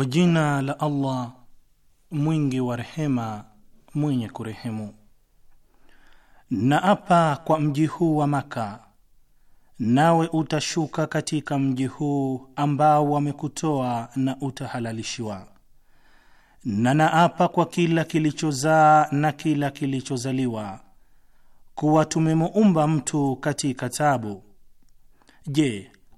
Kwa jina la Allah mwingi wa rehema, mwenye kurehemu. Na kwa mji huu wa Maka, nawe utashuka katika mji huu ambao wamekutoa na utahalalishiwa. Na naapa kwa kila kilichozaa na kila kilichozaliwa kuwa tumemuumba mtu katika tabu. Je,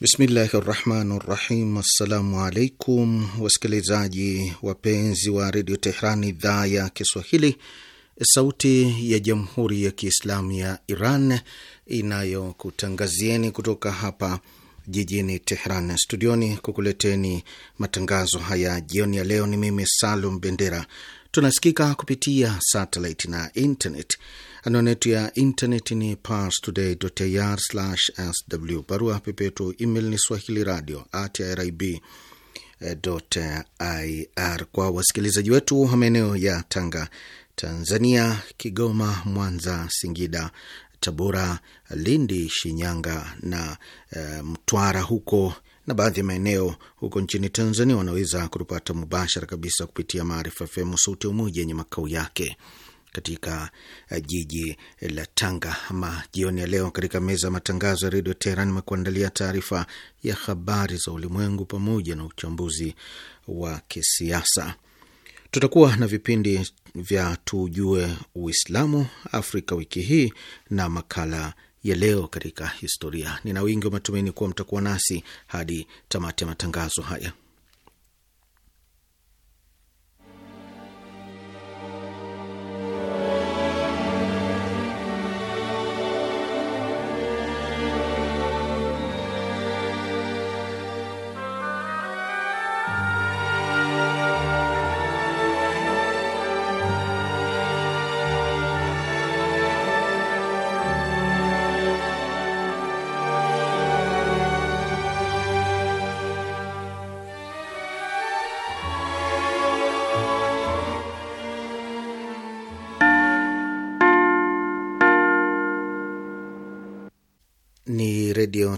Bismillahi rahmani rahim. Assalamu alaikum wasikilizaji wapenzi wa redio Tehran, idhaa ya Kiswahili, sauti ya jamhuri ya Kiislamu ya Iran inayokutangazieni kutoka hapa jijini Tehran studioni kukuleteni matangazo haya jioni ya leo. Ni mimi Salum Bendera. Tunasikika kupitia satelit na internet. Anwani yetu ya intaneti ni parstoday.ir/sw. Barua pepe yetu email ni swahili radio at irib ir. Kwa wasikilizaji wetu wa maeneo ya Tanga, Tanzania, Kigoma, Mwanza, Singida, Tabora, Lindi, Shinyanga na e, Mtwara huko na baadhi ya maeneo huko nchini Tanzania wanaweza kutupata mubashara kabisa kupitia Maarifa FM sauti ya Umoja yenye makao yake katika eh, jiji la Tanga. Ama jioni ya leo katika meza ya matangazo ya redio Teheran imekuandalia taarifa ya habari za ulimwengu pamoja na uchambuzi wa kisiasa. Tutakuwa na vipindi vya tujue Uislamu Afrika wiki hii na makala ya leo katika historia. Nina wingi wa matumaini kuwa mtakuwa nasi hadi tamati ya matangazo haya.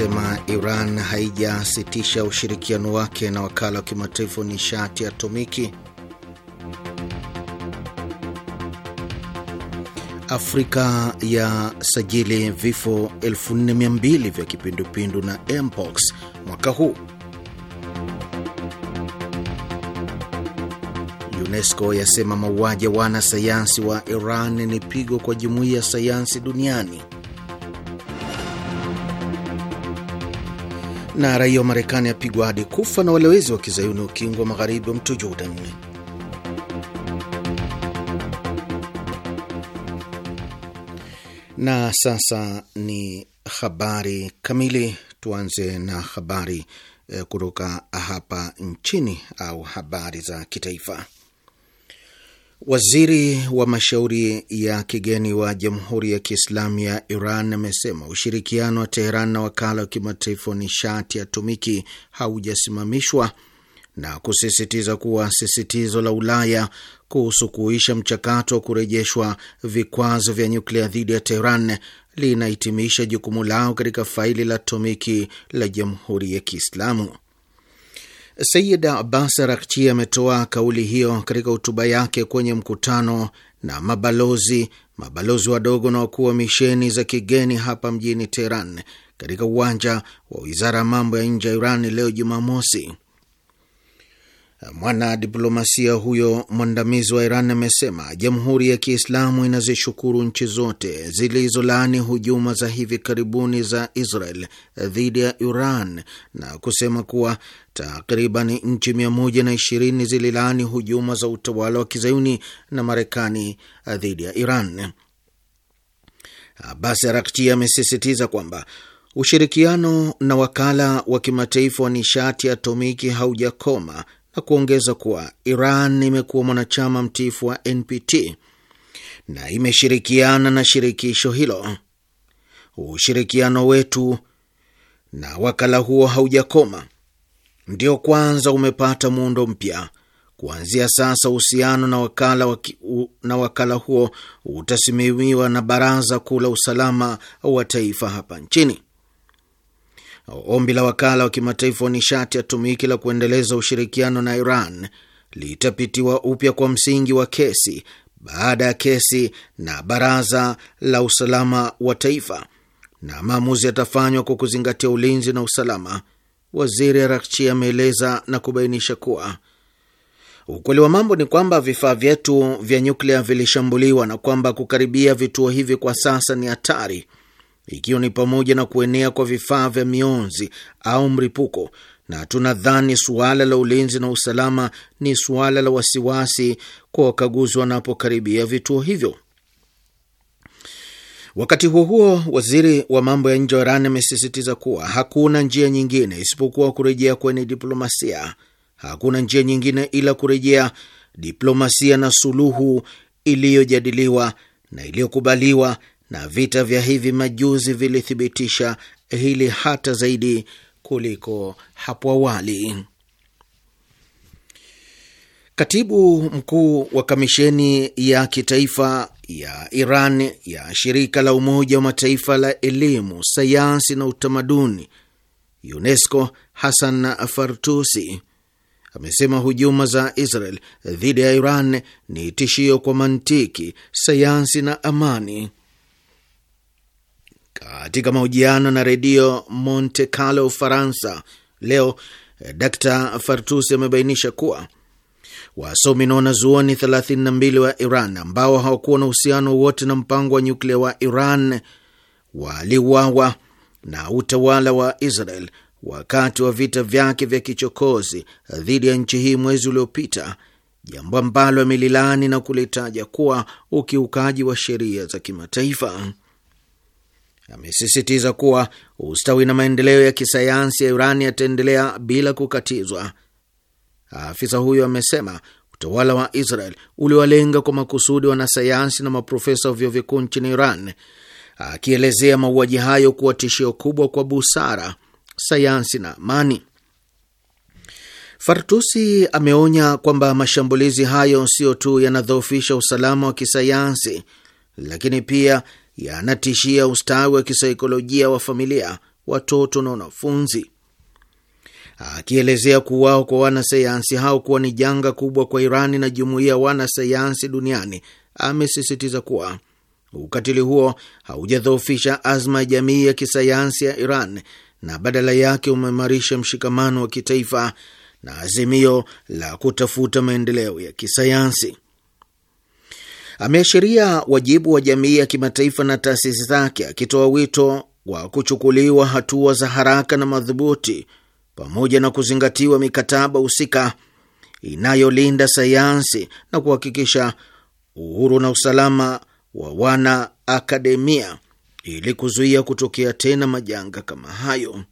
amesema Iran haijasitisha ushirikiano wake na wakala wa kimataifa wa nishati atomiki. Afrika ya sajili vifo 4200 vya kipindupindu na mpox mwaka huu. UNESCO yasema mauaji ya wanasayansi wa Iran ni pigo kwa jumuiya ya sayansi duniani. na raia wa Marekani apigwa hadi kufa na walowezi wa kizayuni ukingo wa magharibi wa mto Jordan. Na sasa ni habari kamili. Tuanze na habari eh, kutoka hapa nchini au habari za kitaifa. Waziri wa mashauri ya kigeni wa Jamhuri ya Kiislamu ya Iran amesema ushirikiano wa Teheran na wakala wa kimataifa wa nishati ya atomiki haujasimamishwa na kusisitiza kuwa sisitizo la Ulaya kuhusu kuisha mchakato wa kurejeshwa vikwazo vya nyuklia dhidi ya Teheran linahitimisha jukumu lao katika faili la atomiki la Jamhuri ya Kiislamu. Sayid Abbas Arakchi ametoa kauli hiyo katika hotuba yake kwenye mkutano na mabalozi mabalozi wadogo na wakuu wa misheni za kigeni hapa mjini Teheran katika uwanja wa wizara ya mambo ya nje ya Iran leo Jumamosi. Mwanadiplomasia huyo mwandamizi wa Iran amesema jamhuri ya Kiislamu inazishukuru nchi zote zilizolaani hujuma za hivi karibuni za Israel dhidi ya Iran na kusema kuwa takriban nchi 120 zililaani hujuma za utawala wa kizayuni na Marekani dhidi ya Iran. Abbas Araghchi amesisitiza kwamba ushirikiano na wakala wa kimataifa wa nishati atomiki haujakoma na kuongeza kuwa Iran imekuwa mwanachama mtiifu wa NPT na imeshirikiana na shirikisho hilo. Ushirikiano wetu na wakala huo haujakoma, ndio kwanza umepata muundo mpya. Kuanzia sasa uhusiano na wakala waki, u, na wakala huo utasimamiwa na Baraza Kuu la Usalama wa Taifa hapa nchini ombi la wakala wa kimataifa wa nishati ya tumiki la kuendeleza ushirikiano na Iran litapitiwa upya kwa msingi wa kesi baada ya kesi na baraza la usalama wa taifa, na maamuzi yatafanywa kwa kuzingatia ulinzi na usalama. Waziri Arakchi ameeleza na kubainisha kuwa ukweli wa mambo ni kwamba vifaa vyetu vya nyuklia vilishambuliwa na kwamba kukaribia vituo hivi kwa sasa ni hatari ikiwa ni pamoja na kuenea kwa vifaa vya mionzi au mripuko, na tunadhani suala la ulinzi na usalama ni suala la wasiwasi kwa wakaguzi wanapokaribia vituo hivyo. Wakati huo huo, waziri wa mambo ya nje wa Iran amesisitiza kuwa hakuna njia nyingine isipokuwa kurejea kwenye diplomasia. Hakuna njia nyingine ila kurejea diplomasia na suluhu iliyojadiliwa na iliyokubaliwa na vita vya hivi majuzi vilithibitisha hili hata zaidi kuliko hapo awali. Katibu mkuu wa kamisheni ya kitaifa ya Iran ya shirika la Umoja wa Mataifa la elimu, sayansi na utamaduni UNESCO, Hassan Fartusi amesema hujuma za Israel dhidi ya Iran ni tishio kwa mantiki, sayansi na amani. Katika mahojiano na redio Monte Carlo Ufaransa leo, eh, Dr Fartusi amebainisha kuwa wasomi na wanazuoni 32 wa Iran ambao hawakuwa na uhusiano wowote na mpango wa nyuklia wa Iran waliuawa na utawala wa Israel wakati wa vita vyake vya kichokozi dhidi ya nchi hii mwezi uliopita, jambo ambalo amelilani na kulitaja kuwa ukiukaji wa sheria za kimataifa amesisitiza kuwa ustawi na maendeleo ya kisayansi ya iran yataendelea bila kukatizwa. Afisa huyo amesema utawala wa Israel uliwalenga kwa makusudi wanasayansi na maprofesa wa vyuo vikuu nchini Iran, akielezea mauaji hayo kuwa tishio kubwa kwa busara, sayansi na amani. Fartusi ameonya kwamba mashambulizi hayo sio tu yanadhoofisha usalama wa kisayansi, lakini pia yanatishia ustawi wa kisaikolojia wa familia, watoto na wanafunzi, akielezea kuwao kwa wanasayansi hao kuwa ni janga kubwa kwa Irani na jumuiya ya wanasayansi duniani. Amesisitiza kuwa ukatili huo haujadhoofisha azma ya jamii ya kisayansi ya Iran na badala yake umeimarisha mshikamano wa kitaifa na azimio la kutafuta maendeleo ya kisayansi. Ameashiria wajibu wa jamii ya kimataifa na taasisi zake, akitoa wito wa kuchukuliwa hatua za haraka na madhubuti pamoja na kuzingatiwa mikataba husika inayolinda sayansi na kuhakikisha uhuru na usalama wa wana akademia ili kuzuia kutokea tena majanga kama hayo.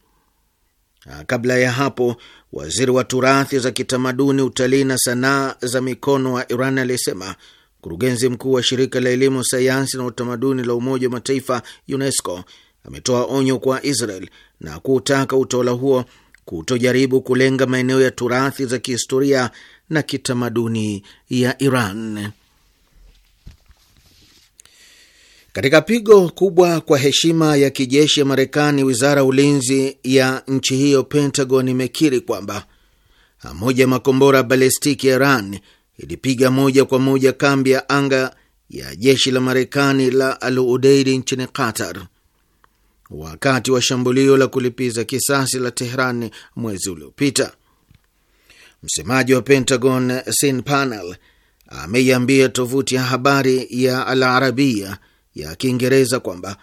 Na kabla ya hapo, waziri wa turathi za kitamaduni, utalii na sanaa za mikono wa Iran alisema Mkurugenzi mkuu wa shirika la elimu, sayansi na utamaduni la Umoja wa Mataifa, UNESCO, ametoa onyo kwa Israel na kuutaka utawala huo kutojaribu kulenga maeneo ya turathi za kihistoria na kitamaduni ya Iran. Katika pigo kubwa kwa heshima ya kijeshi ya Marekani, wizara ya ulinzi ya nchi hiyo, Pentagon, imekiri kwamba moja ya makombora balistiki ya Iran ilipiga moja kwa moja kambi ya anga ya jeshi la Marekani la Al Udeidi nchini Qatar wakati wa shambulio la kulipiza kisasi la Tehran mwezi uliopita. Msemaji wa Pentagon Sin Panel ameiambia tovuti ya habari ya Al Arabia ya Kiingereza kwamba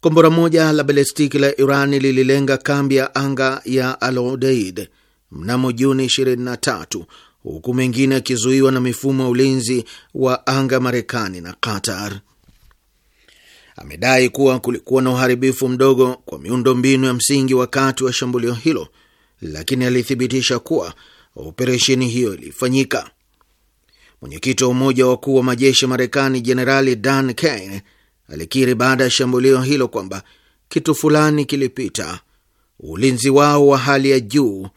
kombora moja la balestiki la iran lililenga kambi ya anga ya Al Udeid mnamo Juni 23 huku mengine akizuiwa na mifumo ya ulinzi wa anga Marekani na Qatar. Amedai kuwa kulikuwa na uharibifu mdogo kwa miundo mbinu ya msingi wakati wa shambulio hilo, lakini alithibitisha kuwa operesheni hiyo ilifanyika. Mwenyekiti wa umoja wa wakuu wa majeshi Marekani Jenerali Dan Kane alikiri baada ya shambulio hilo kwamba kitu fulani kilipita, ulinzi wao wa hali ya juu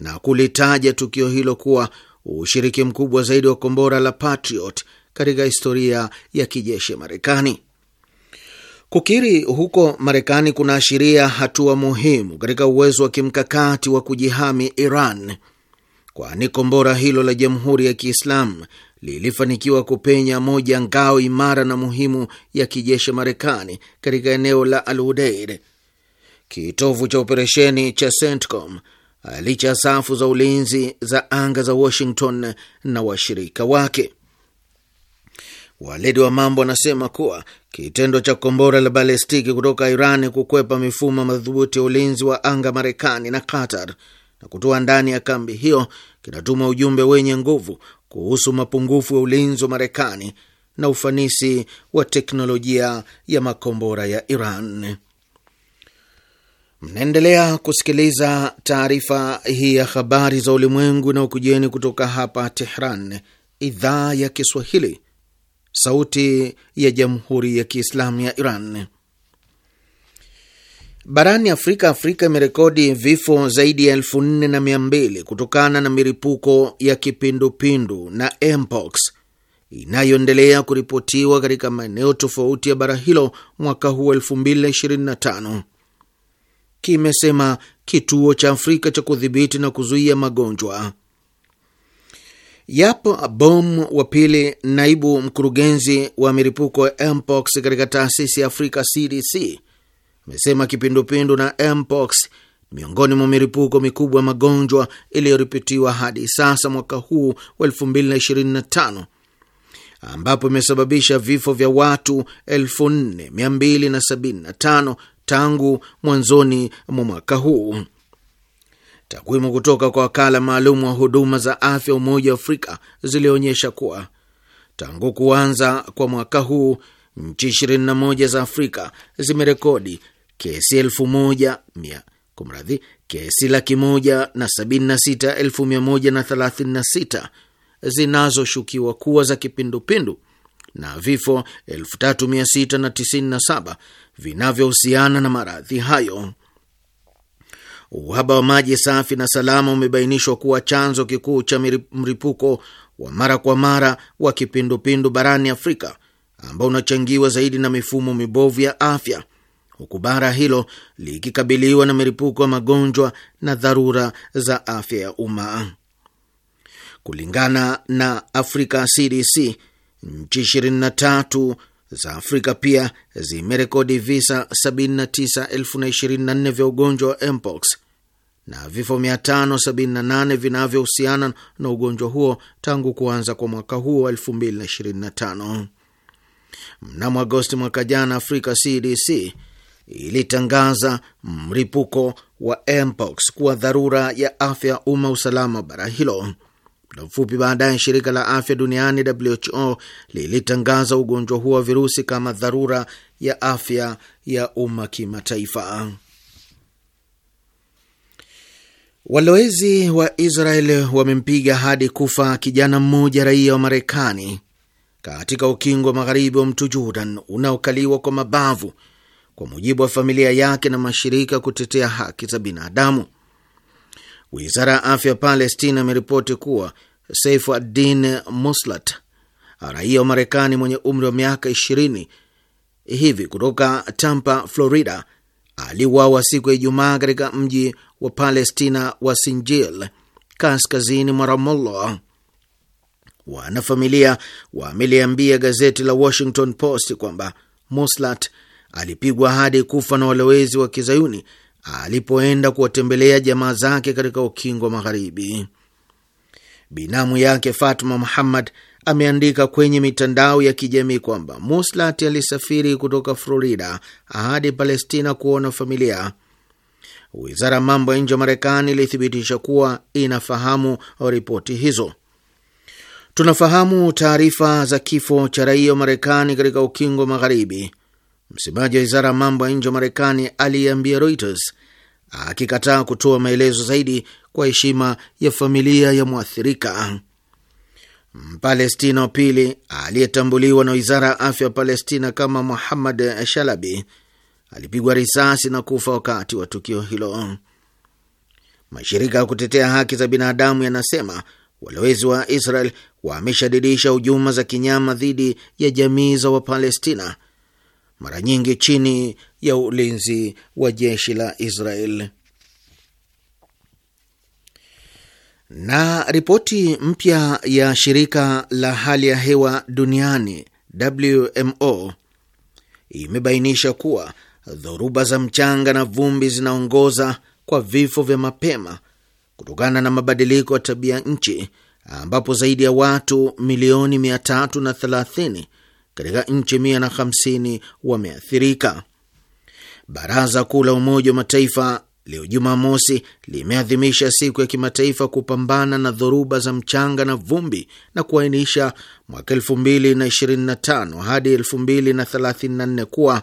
na kulitaja tukio hilo kuwa ushiriki mkubwa zaidi wa kombora la Patriot katika historia ya kijeshi ya Marekani. Kukiri huko Marekani kunaashiria hatua muhimu katika uwezo wa kimkakati wa kujihami Iran, kwani kombora hilo la Jamhuri ya Kiislamu lilifanikiwa kupenya moja ngao imara na muhimu ya kijeshi Marekani katika eneo la Al Udeid, kitovu cha operesheni cha CENTCOM Eh, licha ya safu za ulinzi za anga za Washington na washirika wake. Waledi wa mambo wanasema kuwa kitendo cha kombora la balestiki kutoka Iran kukwepa mifumo madhubuti ya ulinzi wa anga Marekani na Qatar na kutoa ndani ya kambi hiyo kinatuma ujumbe wenye nguvu kuhusu mapungufu ya ulinzi wa Marekani na ufanisi wa teknolojia ya makombora ya Iran. Mnaendelea kusikiliza taarifa hii ya habari za ulimwengu na ukujeni kutoka hapa Tehran, idhaa ya Kiswahili, sauti ya jamhuri ya kiislamu ya Iran. Barani Afrika, Afrika imerekodi vifo zaidi ya elfu nne na mia mbili kutokana na milipuko ya kipindupindu na mpox inayoendelea kuripotiwa katika maeneo tofauti ya bara hilo mwaka huu 2025 kimesema kituo cha Afrika cha kudhibiti na kuzuia magonjwa. Yapo Bom wa pili, naibu mkurugenzi wa miripuko ya mpox katika taasisi ya Afrika CDC, amesema kipindupindu na mpox miongoni mwa miripuko mikubwa ya magonjwa iliyoripotiwa hadi sasa mwaka huu wa 2025 ambapo imesababisha vifo vya watu 4275 tangu mwanzoni mwa mwaka huu. Takwimu kutoka kwa wakala maalum wa huduma za afya Umoja wa Afrika zilionyesha kuwa tangu kuanza kwa mwaka huu nchi 21 za Afrika zimerekodi kesi elfu moja mia kumradhi, kesi laki moja na sabini na sita elfu mia moja na thelathini na sita zinazoshukiwa kuwa za kipindupindu na vifo 3697 vinavyohusiana na maradhi hayo. Uhaba wa maji safi na salama umebainishwa kuwa chanzo kikuu cha mripuko wa mara kwa mara wa kipindupindu barani Afrika ambao unachangiwa zaidi na mifumo mibovu ya afya, huku bara hilo likikabiliwa na miripuko ya magonjwa na dharura za afya ya umma. Kulingana na afrika CDC, Nchi 23 za Afrika pia zimerekodi visa 79024 vya ugonjwa wa mpox na vifo 578 vinavyohusiana na ugonjwa huo tangu kuanza kwa mwaka huo wa 2025. Mnamo Agosti mwaka jana, Afrika CDC ilitangaza mripuko wa mpox kuwa dharura ya afya ya umma usalama bara hilo. Muda mfupi baadaye shirika la afya duniani WHO lilitangaza ugonjwa huo wa virusi kama dharura ya afya ya umma kimataifa. Walowezi wa israel wamempiga hadi kufa kijana mmoja raia wa Marekani katika ukingo wa magharibi wa mto Jordan unaokaliwa kwa mabavu, kwa mujibu wa familia yake na mashirika kutetea haki za binadamu. Wizara ya afya ya Palestina imeripoti kuwa Seifu Adin Muslat, raia wa Marekani mwenye umri wa miaka ishirini hivi kutoka Tampa, Florida, aliuawa siku ya Ijumaa katika mji wa Palestina wa Sinjil, kaskazini mwa Ramallah. Wanafamilia wameliambia gazeti la Washington Post kwamba Muslat alipigwa hadi kufa na walowezi wa kizayuni alipoenda kuwatembelea jamaa zake katika ukingo wa Magharibi. Binamu yake Fatma Muhammad ameandika kwenye mitandao ya kijamii kwamba Muslat alisafiri kutoka Florida hadi Palestina kuona familia. Wizara ya mambo ya nje ya Marekani ilithibitisha kuwa inafahamu ripoti hizo. Tunafahamu taarifa za kifo cha raia wa Marekani katika ukingo magharibi, msemaji wa wizara ya mambo ya nje ya Marekani aliyeambia Reuters, akikataa kutoa maelezo zaidi kwa heshima ya familia ya mwathirika. Mpalestina wa pili aliyetambuliwa na wizara ya afya ya Palestina kama Muhammad Shalabi alipigwa risasi na kufa wakati wa tukio hilo. Mashirika ya kutetea haki za binadamu yanasema walowezi wa Israel wameshadidisha hujuma za kinyama dhidi ya jamii za Wapalestina, mara nyingi chini ya ulinzi wa jeshi la Israel. Na ripoti mpya ya shirika la hali ya hewa duniani WMO imebainisha kuwa dhoruba za mchanga na vumbi zinaongoza kwa vifo vya mapema kutokana na mabadiliko ya tabia nchi ambapo zaidi ya watu milioni 330 katika nchi 150 wameathirika. Baraza Kuu la Umoja wa Mataifa leo Jumamosi limeadhimisha siku ya kimataifa kupambana na dhoruba za mchanga na vumbi na kuainisha mwaka 2025 hadi 2034 kuwa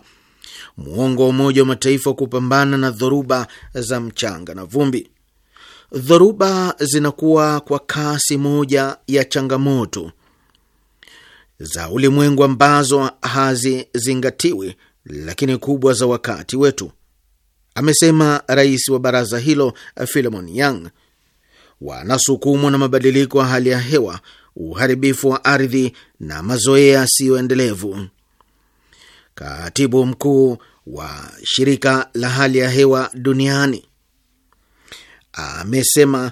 muongo wa Umoja wa Mataifa wa kupambana na dhoruba za mchanga na vumbi. Dhoruba zinakuwa kwa kasi moja ya changamoto za ulimwengu ambazo hazizingatiwi, lakini kubwa za wakati wetu amesema rais wa baraza hilo Philemon Yang. Wanasukumwa na mabadiliko ya hali ya hewa, uharibifu wa ardhi na mazoea yasiyoendelevu. Katibu mkuu wa shirika la hali ya hewa duniani amesema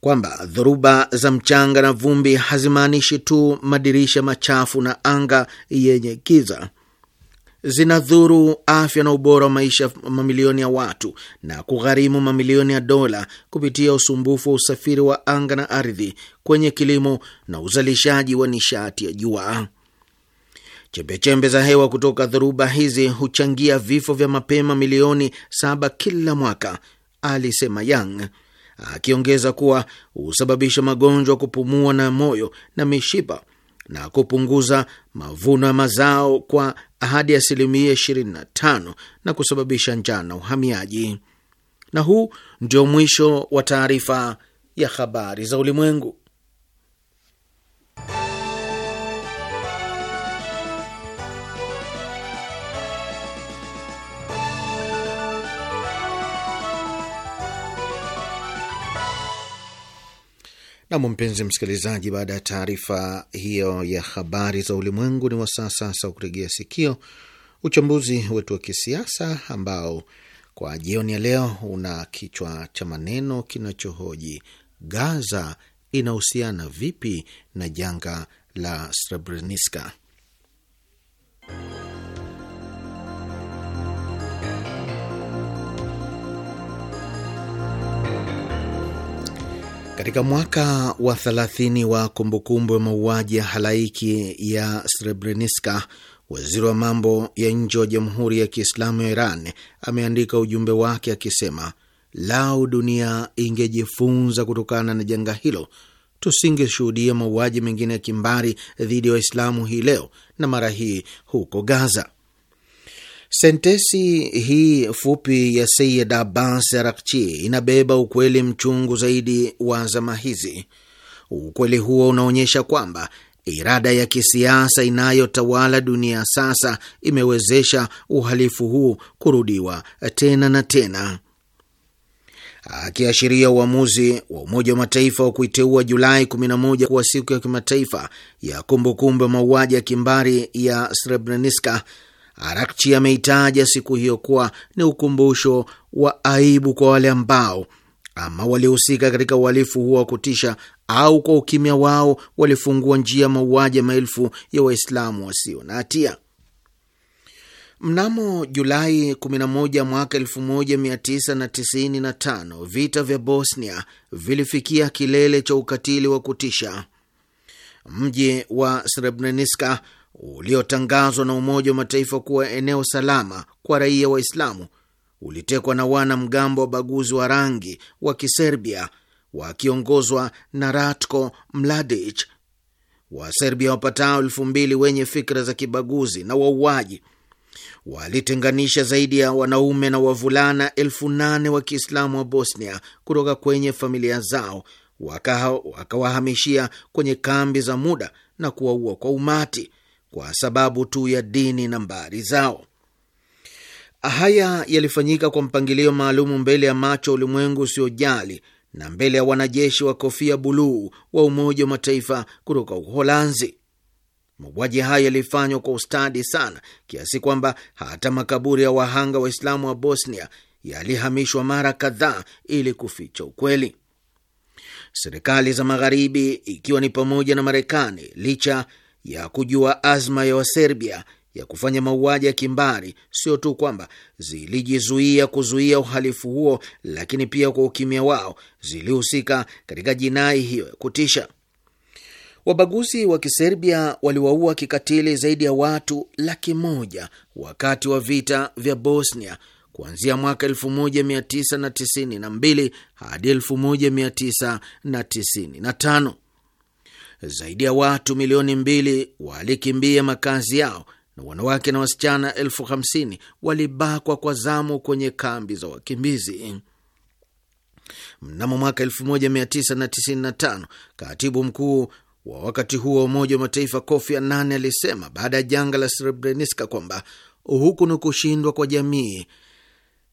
kwamba dhoruba za mchanga na vumbi hazimaanishi tu madirisha machafu na anga yenye giza, zinadhuru afya na ubora wa maisha ya mamilioni ya watu na kugharimu mamilioni ya dola kupitia usumbufu wa usafiri wa anga na ardhi kwenye kilimo na uzalishaji wa nishati ya jua. Chembechembe za hewa kutoka dhoruba hizi huchangia vifo vya mapema milioni saba kila mwaka, alisema Yang, akiongeza kuwa husababisha magonjwa kupumua na moyo na mishipa na kupunguza mavuno ya mazao kwa hadi asilimia 25 na kusababisha njaa na uhamiaji. Na huu ndio mwisho wa taarifa ya habari za ulimwengu. Nam, mpenzi msikilizaji, baada ya taarifa hiyo ya habari za ulimwengu, ni wasaa sasa wa kuregea sikio uchambuzi wetu wa kisiasa ambao kwa jioni ya leo una kichwa cha maneno kinachohoji Gaza inahusiana vipi na janga la Srebrenica. Katika mwaka wa 30 wa kumbukumbu ya mauaji ya halaiki ya Srebrenica, waziri wa mambo ya nje wa Jamhuri ya Kiislamu ya Iran ameandika ujumbe wake akisema, lau dunia ingejifunza kutokana na janga hilo tusingeshuhudia mauaji mengine ya kimbari dhidi ya wa Waislamu hii leo na mara hii huko Gaza. Sentensi hii fupi ya Sayid Abbas Arakchi inabeba ukweli mchungu zaidi wa zama hizi. Ukweli huo unaonyesha kwamba irada ya kisiasa inayotawala dunia sasa imewezesha uhalifu huu kurudiwa tena na tena. Akiashiria uamuzi wa Umoja wa Mataifa wa kuiteua Julai 11 kuwa siku ya kimataifa ya kumbukumbu ya mauaji ya kimbari ya Srebrenica, Arakchi ameitaja siku hiyo kuwa ni ukumbusho wa aibu kwa wale ambao ama walihusika katika uhalifu huo wa kutisha au kwa ukimya wao walifungua njia mauaji maelfu ya Waislamu wasio na hatia. Mnamo Julai 11 mwaka 1995 vita vya Bosnia vilifikia kilele cha ukatili wa kutisha. Mji wa Srebrenica uliotangazwa na Umoja wa Mataifa kuwa eneo salama kwa raia Waislamu ulitekwa na wanamgambo baguzi wa rangi wa Kiserbia wakiongozwa na Ratko Mladic. Waserbia wapatao elfu mbili wenye fikra za kibaguzi na wauaji walitenganisha zaidi ya wanaume na wavulana elfu nane wa Kiislamu wa Bosnia kutoka kwenye familia zao, wakawahamishia kwenye kambi za muda na kuwaua kwa umati kwa sababu tu ya dini na mbari zao. Haya yalifanyika kwa mpangilio maalumu mbele ya macho ulimwengu usiojali na mbele ya wanajeshi wa kofia buluu wa Umoja wa Mataifa kutoka Uholanzi. Mauaji hayo yalifanywa kwa ustadi sana kiasi kwamba hata makaburi ya wahanga Waislamu wa Bosnia yalihamishwa mara kadhaa ili kuficha ukweli. Serikali za Magharibi, ikiwa ni pamoja na Marekani, licha ya kujua azma ya Waserbia ya kufanya mauaji ya kimbari, sio tu kwamba zilijizuia kuzuia uhalifu huo, lakini pia kwa ukimya wao zilihusika katika jinai hiyo ya kutisha. Wabaguzi wa Kiserbia waliwaua kikatili zaidi ya watu laki moja wakati wa vita vya Bosnia kuanzia mwaka 1992 hadi 1995 zaidi ya watu milioni mbili walikimbia makazi yao na wanawake na wasichana elfu hamsini walibakwa kwa zamu kwenye kambi za wakimbizi. Mnamo mwaka 1995 katibu mkuu wa wakati huo wa Umoja wa Mataifa Kofi Annan alisema baada ya janga la Srebrenica kwamba huku ni kushindwa kwa jamii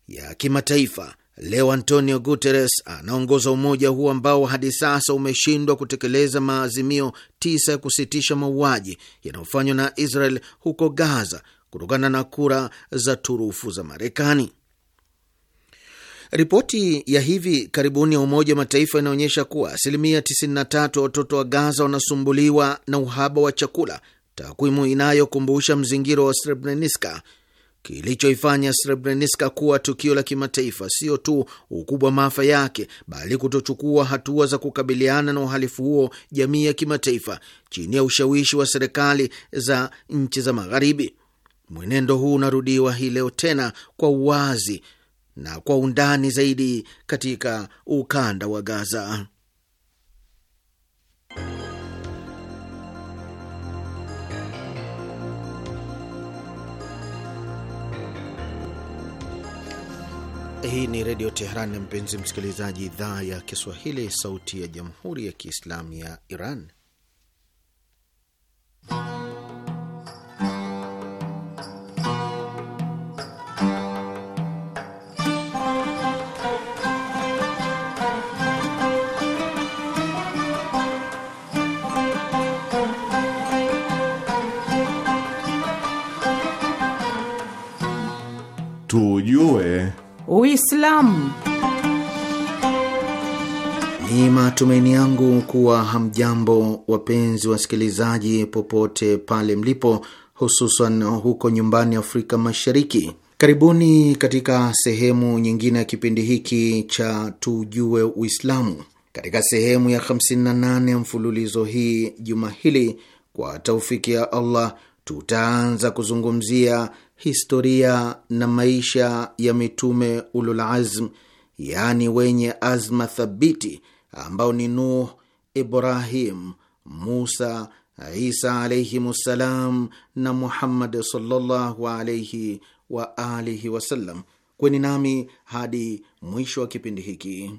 ya kimataifa Leo Antonio Guterres anaongoza umoja huo ambao hadi sasa umeshindwa kutekeleza maazimio tisa ya kusitisha mauaji yanayofanywa na Israel huko Gaza kutokana na kura za turufu za Marekani. Ripoti ya hivi karibuni ya Umoja wa Mataifa inaonyesha kuwa asilimia 93 ya watoto wa Gaza wanasumbuliwa na uhaba wa chakula, takwimu inayokumbusha mzingiro wa Srebrenica Kilichoifanya Srebrenica kuwa tukio la kimataifa sio tu ukubwa maafa yake, bali kutochukua hatua za kukabiliana na uhalifu huo jamii ya kimataifa chini ya ushawishi wa serikali za nchi za Magharibi. Mwenendo huu unarudiwa hii leo tena kwa uwazi na kwa undani zaidi katika ukanda wa Gaza. Hii ni Redio Teheran, mpenzi msikilizaji, idhaa ya Kiswahili, sauti ya jamhuri ya kiislamu ya Iran. Tujue Uislamu. Ni matumaini yangu kuwa hamjambo, wapenzi wasikilizaji, popote pale mlipo, hususan huko nyumbani Afrika Mashariki. Karibuni katika sehemu nyingine ya kipindi hiki cha Tujue Uislamu, katika sehemu ya 58 ya mfululizo hii. Juma hili kwa taufiki ya Allah tutaanza kuzungumzia historia na maisha ya mitume ululazm, yaani wenye azma thabiti, ambao ni Nuh, Ibrahim, Musa, Isa alaihim ssalam na Muhammad sallallahu alaihi wa alihi wasallam. Kweni nami hadi mwisho wa kipindi hiki.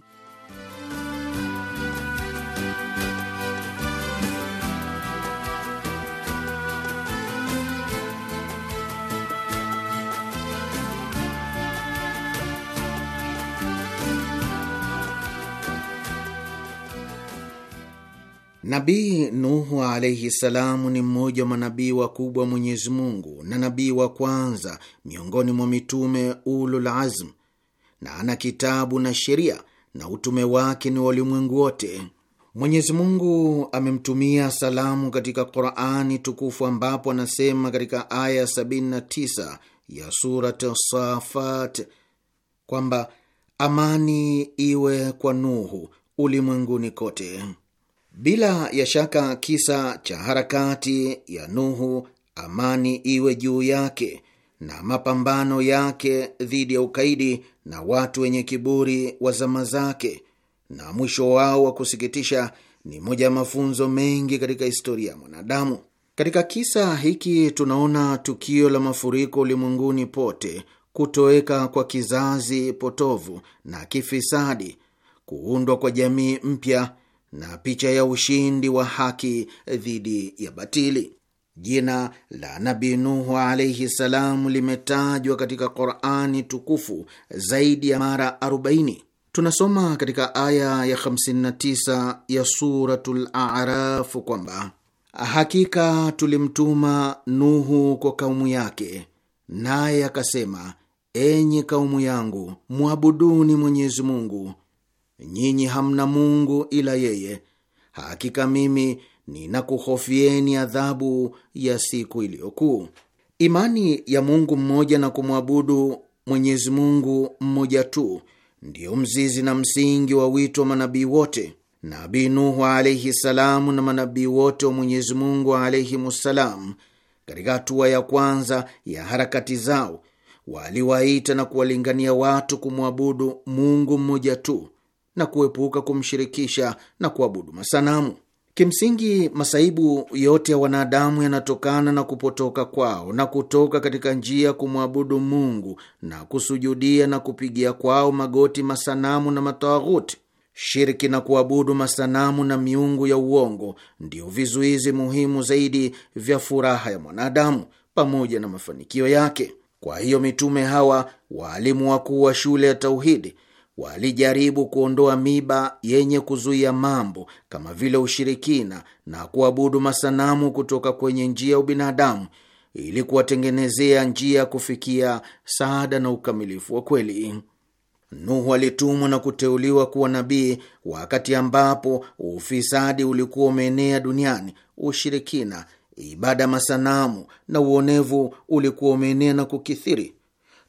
Nabii Nuhu alaihi salamu ni mmoja wa manabii wakubwa wa Mwenyezi Mungu na nabii wa kwanza miongoni mwa mitume ulul azm, na ana kitabu na sheria na utume wake ni wa ulimwengu wote. Mwenyezi Mungu amemtumia salamu katika Qurani tukufu ambapo anasema katika aya 79 ya Surat Safat kwamba amani iwe kwa Nuhu ulimwenguni kote. Bila ya shaka kisa cha harakati ya Nuhu, amani iwe juu yake, na mapambano yake dhidi ya ukaidi na watu wenye kiburi wa zama zake na mwisho wao wa kusikitisha ni moja ya mafunzo mengi katika historia ya mwanadamu. Katika kisa hiki tunaona tukio la mafuriko ulimwenguni pote, kutoweka kwa kizazi potovu na kifisadi, kuundwa kwa jamii mpya na picha ya ushindi wa haki dhidi ya batili. Jina la Nabi Nuhu alaihi salamu limetajwa katika Qurani tukufu zaidi ya mara 40. Tunasoma katika aya ya 59 ya Suratul Arafu kwamba hakika tulimtuma Nuhu kwa kaumu yake, naye akasema, enyi kaumu yangu, mwabuduni Mwenyezi Mungu nyinyi hamna Mungu ila yeye, hakika mimi ninakuhofieni adhabu ya siku iliyokuu. Imani ya Mungu mmoja na kumwabudu Mwenyezi Mungu mmoja tu ndiyo mzizi na msingi wa wito wa manabii wote. Nabii Nuhu alaihi salamu na manabii wote wa Mwenyezi Mungu salamu katika hatua ya kwanza ya harakati zao, waliwaita na kuwalingania watu kumwabudu Mungu mmoja tu na kuepuka kumshirikisha na kuabudu masanamu. Kimsingi, masaibu yote ya wanadamu yanatokana na kupotoka kwao na kutoka katika njia ya kumwabudu Mungu na kusujudia na kupigia kwao magoti masanamu na matawaghuti. Shirki na kuabudu masanamu na miungu ya uongo ndio vizuizi muhimu zaidi vya furaha ya mwanadamu pamoja na mafanikio yake. Kwa hiyo mitume hawa, waalimu wakuu wa shule ya tauhidi walijaribu kuondoa miba yenye kuzuia mambo kama vile ushirikina na kuabudu masanamu kutoka kwenye njia ya ubinadamu ili kuwatengenezea njia ya kufikia saada na ukamilifu wa kweli. Nuhu alitumwa na kuteuliwa kuwa nabii wakati ambapo ufisadi ulikuwa umeenea duniani. Ushirikina, ibada masanamu na uonevu ulikuwa umeenea na kukithiri.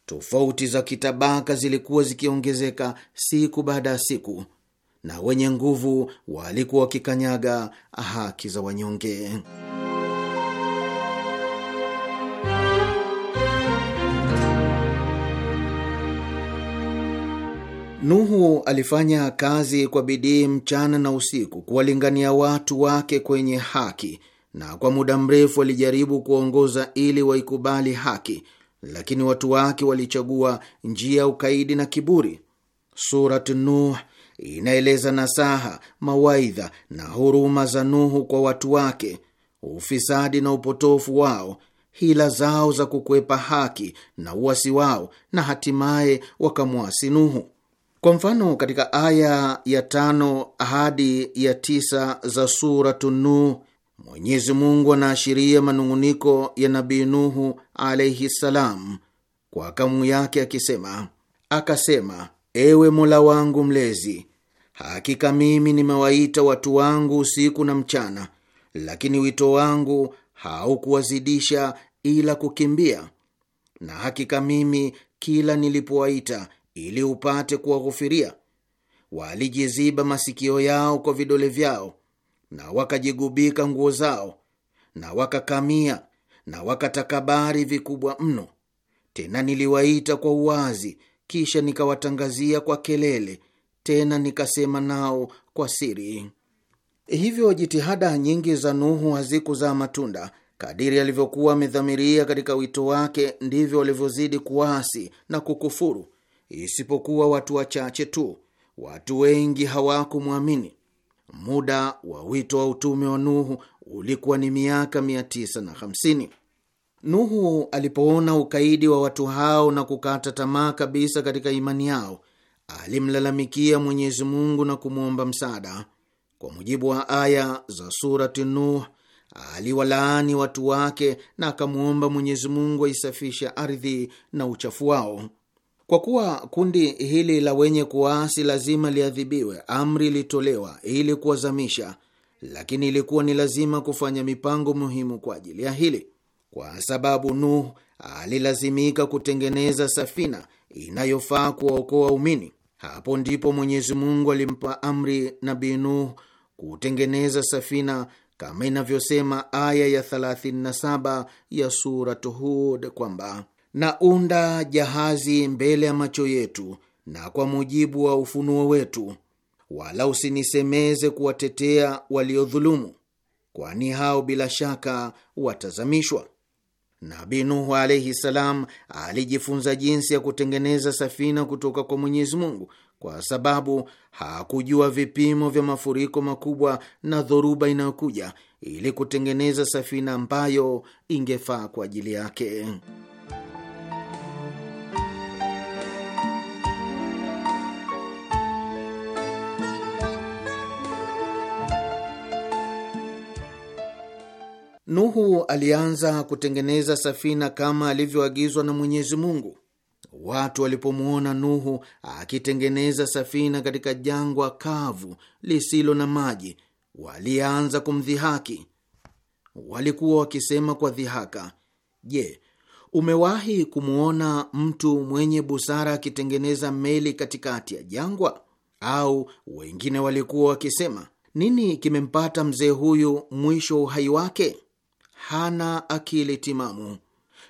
Tofauti za kitabaka zilikuwa zikiongezeka siku baada ya siku, na wenye nguvu walikuwa wakikanyaga haki za wanyonge. Nuhu alifanya kazi kwa bidii mchana na usiku kuwalingania watu wake kwenye haki, na kwa muda mrefu alijaribu kuwaongoza ili waikubali haki lakini watu wake walichagua njia ya ukaidi na kiburi. Surat Nuh inaeleza nasaha, mawaidha na huruma za Nuhu kwa watu wake, ufisadi na upotofu wao, hila zao za kukwepa haki na uasi wao, na hatimaye wakamwasi Nuhu. Kwa mfano, katika aya ya tano hadi ya tisa za Suratu Nuh Mwenyezi Mungu anaashiria manung'uniko ya Nabii Nuhu alaihi ssalam kwa kamu yake akisema, akasema: ewe Mola wangu Mlezi, hakika mimi nimewaita watu wangu usiku na mchana, lakini wito wangu haukuwazidisha ila kukimbia, na hakika mimi kila nilipowaita ili upate kuwaghufiria, walijiziba masikio yao kwa vidole vyao na wakajigubika nguo zao na wakakamia na wakatakabari vikubwa mno. Tena niliwaita kwa uwazi, kisha nikawatangazia kwa kelele, tena nikasema nao kwa siri. Hivyo jitihada nyingi za Nuhu hazikuzaa matunda. Kadiri alivyokuwa amedhamiria katika wito wake, ndivyo walivyozidi kuasi na kukufuru, isipokuwa watu wachache tu. Watu wengi hawakumwamini. Muda wa wito wa utume wa Nuhu ulikuwa ni miaka 950. Nuhu alipoona ukaidi wa watu hao na kukata tamaa kabisa katika imani yao, alimlalamikia Mwenyezi Mungu na kumwomba msaada. Kwa mujibu wa aya za surati Nuh, aliwalaani watu wake na akamwomba Mwenyezi Mungu aisafishe ardhi na uchafu wao. Kwa kuwa kundi hili la wenye kuwaasi lazima liadhibiwe, amri ilitolewa ili kuwazamisha, lakini ilikuwa ni lazima kufanya mipango muhimu kwa ajili ya hili, kwa sababu Nuh alilazimika kutengeneza safina inayofaa kuwaokoa umini. Hapo ndipo Mwenyezi Mungu alimpa amri Nabii Nuh kutengeneza safina kama inavyosema aya ya 37 ya Suratu Hud kwamba na unda jahazi mbele ya macho yetu na kwa mujibu wa ufunuo wetu, wala usinisemeze kuwatetea waliodhulumu, kwani hao bila shaka watazamishwa. Nabii Nuhu alaihi salam alijifunza jinsi ya kutengeneza safina kutoka kwa Mwenyezi Mungu kwa sababu hakujua vipimo vya mafuriko makubwa na dhoruba inayokuja ili kutengeneza safina ambayo ingefaa kwa ajili yake. Nuhu alianza kutengeneza safina kama alivyoagizwa na Mwenyezi Mungu. Watu walipomwona Nuhu akitengeneza safina katika jangwa kavu lisilo na maji, walianza kumdhihaki. Walikuwa wakisema kwa dhihaka, je, umewahi kumwona mtu mwenye busara akitengeneza meli katikati ya jangwa? Au wengine walikuwa wakisema, nini kimempata mzee huyu mwisho uhai wake? hana akili timamu.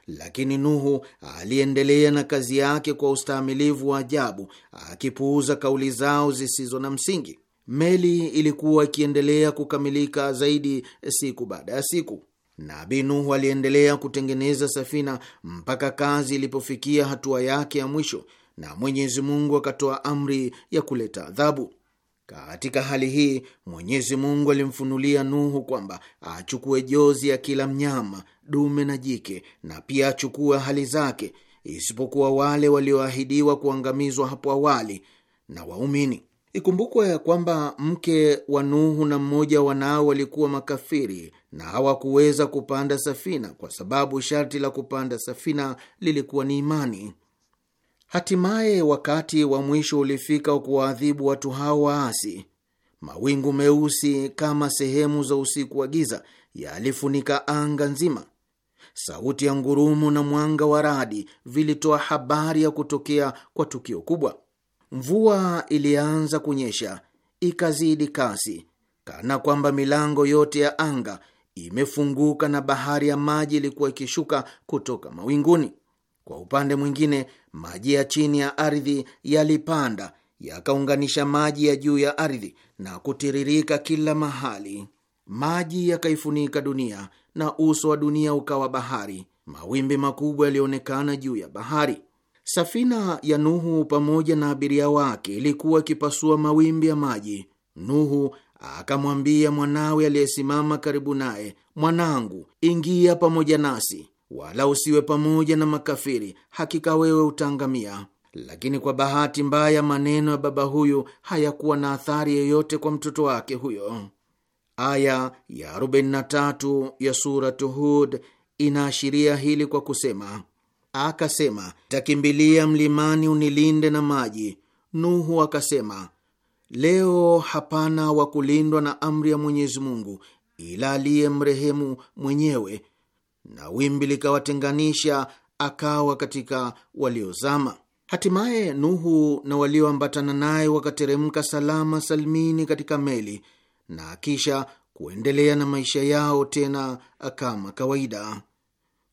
Lakini Nuhu aliendelea na kazi yake kwa ustaamilivu wa ajabu, akipuuza kauli zao zisizo na msingi. Meli ilikuwa ikiendelea kukamilika zaidi siku baada ya siku. Nabii Nuhu aliendelea kutengeneza safina mpaka kazi ilipofikia hatua yake ya mwisho, na Mwenyezi Mungu akatoa amri ya kuleta adhabu. Katika hali hii Mwenyezi Mungu alimfunulia Nuhu kwamba achukue jozi ya kila mnyama dume na jike, na pia achukue hali zake, isipokuwa wale walioahidiwa kuangamizwa hapo awali na waumini. Ikumbukwe ya kwamba mke wa Nuhu na mmoja wanao walikuwa makafiri na hawakuweza kupanda safina, kwa sababu sharti la kupanda safina lilikuwa ni imani. Hatimaye wakati wa mwisho ulifika wa kuwaadhibu watu hao waasi. Mawingu meusi kama sehemu za usiku wa giza yalifunika anga nzima. Sauti ya ngurumo na mwanga wa radi vilitoa habari ya kutokea kwa tukio kubwa. Mvua ilianza kunyesha, ikazidi kasi, kana kwamba milango yote ya anga imefunguka na bahari ya maji ilikuwa ikishuka kutoka mawinguni. Kwa upande mwingine, maji ya chini ya ardhi yalipanda yakaunganisha maji ya juu ya ardhi na kutiririka kila mahali. Maji yakaifunika dunia na uso wa dunia ukawa bahari. Mawimbi makubwa yalionekana juu ya bahari. Safina ya Nuhu pamoja na abiria wake ilikuwa ikipasua mawimbi ya maji. Nuhu akamwambia mwanawe aliyesimama karibu naye, mwanangu, ingia pamoja nasi wala usiwe pamoja na makafiri, hakika wewe utaangamia. Lakini kwa bahati mbaya, maneno ya baba huyu hayakuwa na athari yoyote kwa mtoto wake huyo. Aya ya 43 ya Surat Hud inaashiria hili kwa kusema, akasema takimbilia mlimani unilinde na maji. Nuhu akasema leo hapana wa kulindwa na amri ya Mwenyezi Mungu ila aliye mrehemu mwenyewe na wimbi likawatenganisha, akawa katika waliozama. Hatimaye Nuhu na walioambatana naye wakateremka salama salmini katika meli na kisha kuendelea na maisha yao tena kama kawaida.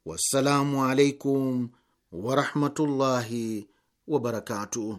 Wassalamu alaikum warahmatullahi wabarakatuh.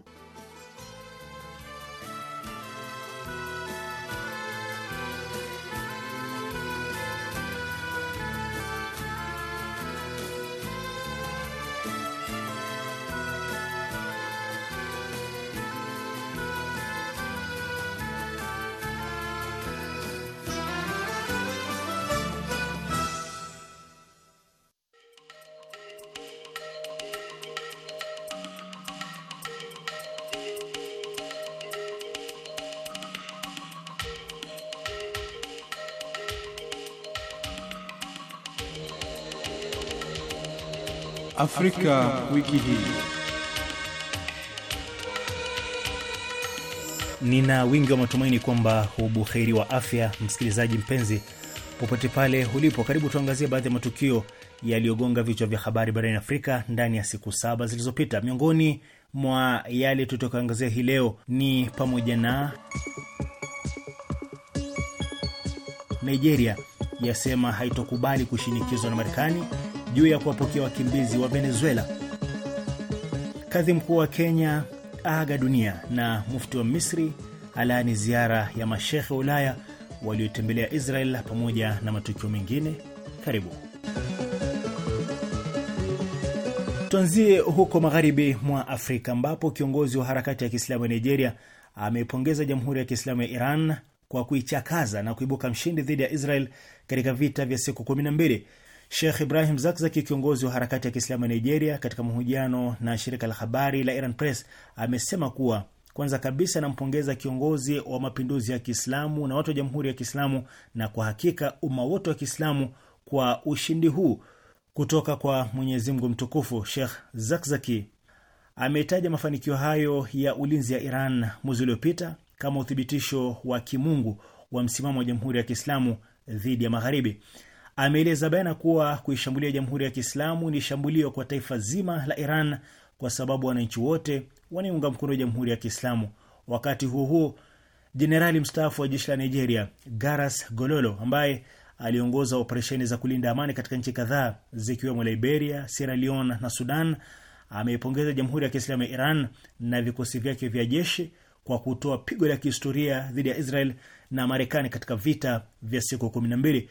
Afrika wiki hii. Nina wingi wa matumaini kwamba ubuheri wa afya, msikilizaji mpenzi, popote pale ulipo. Karibu tuangazie baadhi ya matukio yaliyogonga vichwa vya habari barani Afrika ndani ya siku saba zilizopita. Miongoni mwa yale tutakaangazia hii leo ni pamoja na Nigeria yasema haitokubali kushinikizwa na Marekani juu ya kuwapokea wakimbizi wa Venezuela. Kadhi mkuu wa Kenya aga dunia na mufti wa Misri alaani ziara ya mashekhe wa Ulaya waliotembelea Israel, pamoja na matukio mengine. Karibu tuanzie huko magharibi mwa Afrika ambapo kiongozi wa harakati ya Kiislamu ya Nigeria ameipongeza Jamhuri ya Kiislamu ya Iran kwa kuichakaza na kuibuka mshindi dhidi ya Israel katika vita vya siku mbili Sheikh Ibrahim Zakzaki, kiongozi wa harakati ya Kiislamu ya Nigeria, katika mahojiano na shirika la habari la Iran Press amesema kuwa kwanza kabisa anampongeza kiongozi wa mapinduzi ya Kiislamu na watu wa Jamhuri ya Kiislamu na kwa hakika umma wote wa Kiislamu kwa ushindi huu kutoka kwa Mwenyezi Mungu mtukufu. Sheikh Zakzaki ametaja mafanikio hayo ya ulinzi ya Iran mwezi uliopita kama uthibitisho wa kimungu wa msimamo wa Jamhuri ya Kiislamu dhidi ya Magharibi ameeleza bayana kuwa kuishambulia Jamhuri ya Kiislamu ni shambulio kwa taifa zima la Iran kwa sababu wananchi wote wanaiunga mkono Jamhuri ya Kiislamu. Wakati huo huo, jenerali mstaafu wa jeshi la Nigeria Garas Gololo ambaye aliongoza operesheni za kulinda amani katika nchi kadhaa zikiwemo Liberia, Sierra Leone na Sudan ameipongeza Jamhuri ya Kiislamu ya Iran na vikosi vyake vya jeshi kwa kutoa pigo la kihistoria dhidi ya Israel na Marekani katika vita vya siku mbili.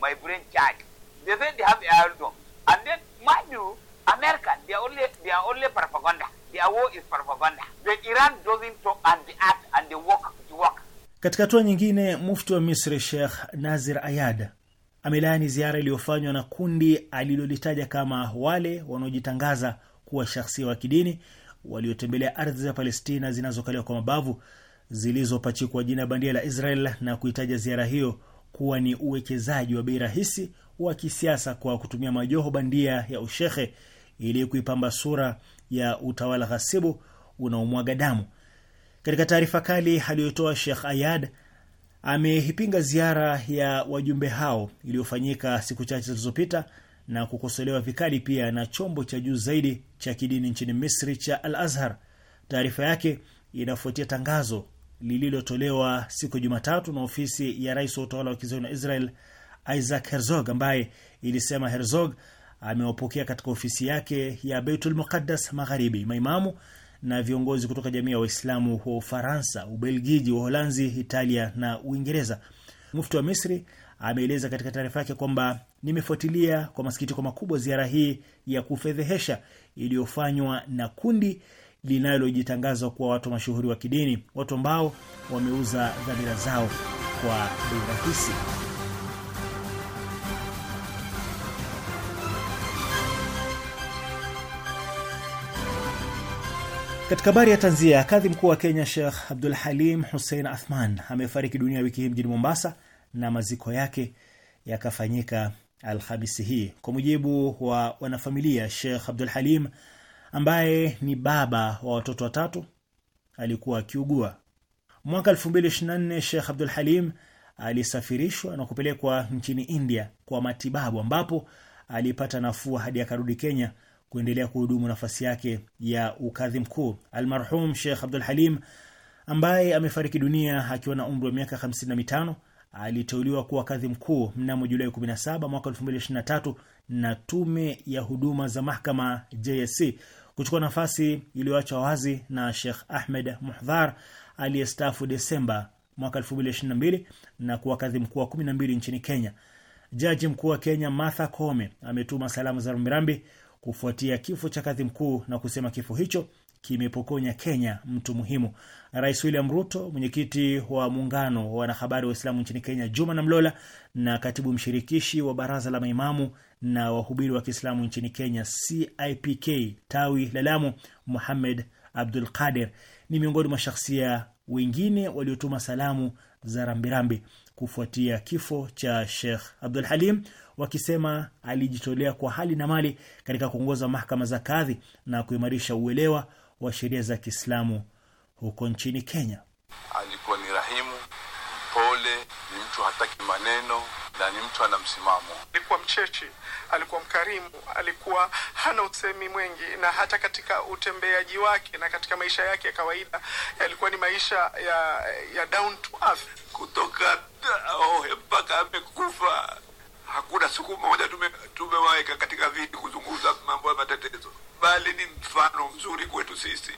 my brain charge. They say they have aerodrome. And then, mind you, America, they are only, they are only propaganda. Their war is propaganda. The Iran doesn't talk and they act and they work to work. Katika hatua nyingine, mufti wa Misri Sheikh Nazir Ayad amelaani ziara iliyofanywa na kundi alilolitaja kama wale wanaojitangaza kuwa shahsia wa kidini waliotembelea ardhi za Palestina zinazokaliwa kwa mabavu zilizopachikwa jina bandia la Israel na kuitaja ziara hiyo kuwa ni uwekezaji wa bei rahisi wa kisiasa kwa kutumia majoho bandia ya ushehe ili kuipamba sura ya utawala ghasibu unaomwaga damu. Katika taarifa kali aliyotoa Sheikh Ayad ameipinga ziara ya wajumbe hao iliyofanyika siku chache zilizopita na kukosolewa vikali pia na chombo cha juu zaidi cha kidini nchini Misri cha Al Azhar. Taarifa yake inafuatia tangazo lililotolewa siku ya Jumatatu na ofisi ya rais wa utawala wa kizayuni wa Israel Isaac Herzog, ambaye ilisema Herzog amewapokea katika ofisi yake ya Beitul Muqaddas Magharibi maimamu na viongozi kutoka jamii ya Waislamu wa Ufaransa, Ubelgiji, Uholanzi, Italia na Uingereza. Mufti wa Misri ameeleza katika taarifa yake kwamba nimefuatilia kwa masikitiko makubwa ziara hii ya kufedhehesha iliyofanywa na kundi linalojitangaza kuwa watu mashuhuri wa kidini, watu ambao wameuza dhamira zao kwa bei rahisi. Katika habari ya tanzia, kadhi mkuu wa Kenya Sheikh Abdul Halim Hussein Athman amefariki dunia wiki hii mjini Mombasa na maziko yake yakafanyika Alhamisi hii. Kwa mujibu wa wanafamilia, Sheikh Abdul Halim ambaye ni baba wa watoto watatu alikuwa akiugua. Mwaka 2024 Sheikh Abdul Halim alisafirishwa na kupelekwa nchini India kwa matibabu, ambapo alipata nafuu hadi akarudi Kenya kuendelea kuhudumu nafasi yake ya ukadhi mkuu. Almarhum Sheikh Abdul Halim ambaye amefariki dunia akiwa na umri wa miaka 55 aliteuliwa kuwa kadhi mkuu mnamo Julai 17 mwaka 2023 na tume ya huduma za mahakama JSC kuchukua nafasi iliyoachwa wazi na Sheikh Ahmed Muhdhar aliyestaafu Desemba mwaka 2022 na kuwa kadhi mkuu wa 12 nchini Kenya. Jaji mkuu wa Kenya Martha Koome ametuma salamu za rambirambi kufuatia kifo cha kadhi mkuu na kusema kifo hicho kimepokonya Kenya mtu muhimu. Rais William Ruto, mwenyekiti wa muungano wa wanahabari wa Islamu nchini Kenya Juma Mlola, na katibu mshirikishi wa baraza la maimamu na wahubiri wa Kiislamu nchini Kenya CIPK tawi la Lamu Muhamed Abdul Qadir ni miongoni mwa shahsia wengine waliotuma salamu za rambirambi kufuatia kifo cha Sheikh Abdul Halim, wakisema alijitolea kwa hali na mali katika kuongoza mahakama za kadhi na kuimarisha uelewa wa sheria za Kiislamu huko nchini Kenya. Alikuwa ni rahimu, pole, ni mtu hataki maneno na ni mtu ana msimamo. Alikuwa mchechi, alikuwa mkarimu, alikuwa hana usemi mwingi, na hata katika utembeaji wake na katika maisha yake ya kawaida yalikuwa ni maisha ya, ya down to earth. Kutoka oh, mpaka amekufa, hakuna siku moja tumewaweka tume katika viti mfano mzuri kwetu sisi.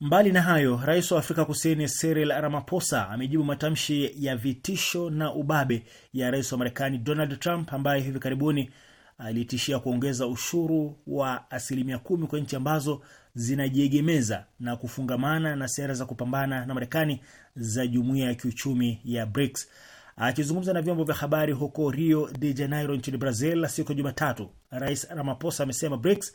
Mbali na hayo, rais wa Afrika Kusini Cyril Ramaphosa amejibu matamshi ya vitisho na ubabe ya rais wa Marekani Donald Trump ambaye hivi karibuni alitishia kuongeza ushuru wa asilimia kumi kwa nchi ambazo zinajiegemeza na kufungamana na sera za kupambana na Marekani za jumuiya ya kiuchumi ya BRICS. Akizungumza na vyombo vya habari huko Rio de Janeiro nchini Brazil siku ya Jumatatu, rais Ramaphosa amesema BRICS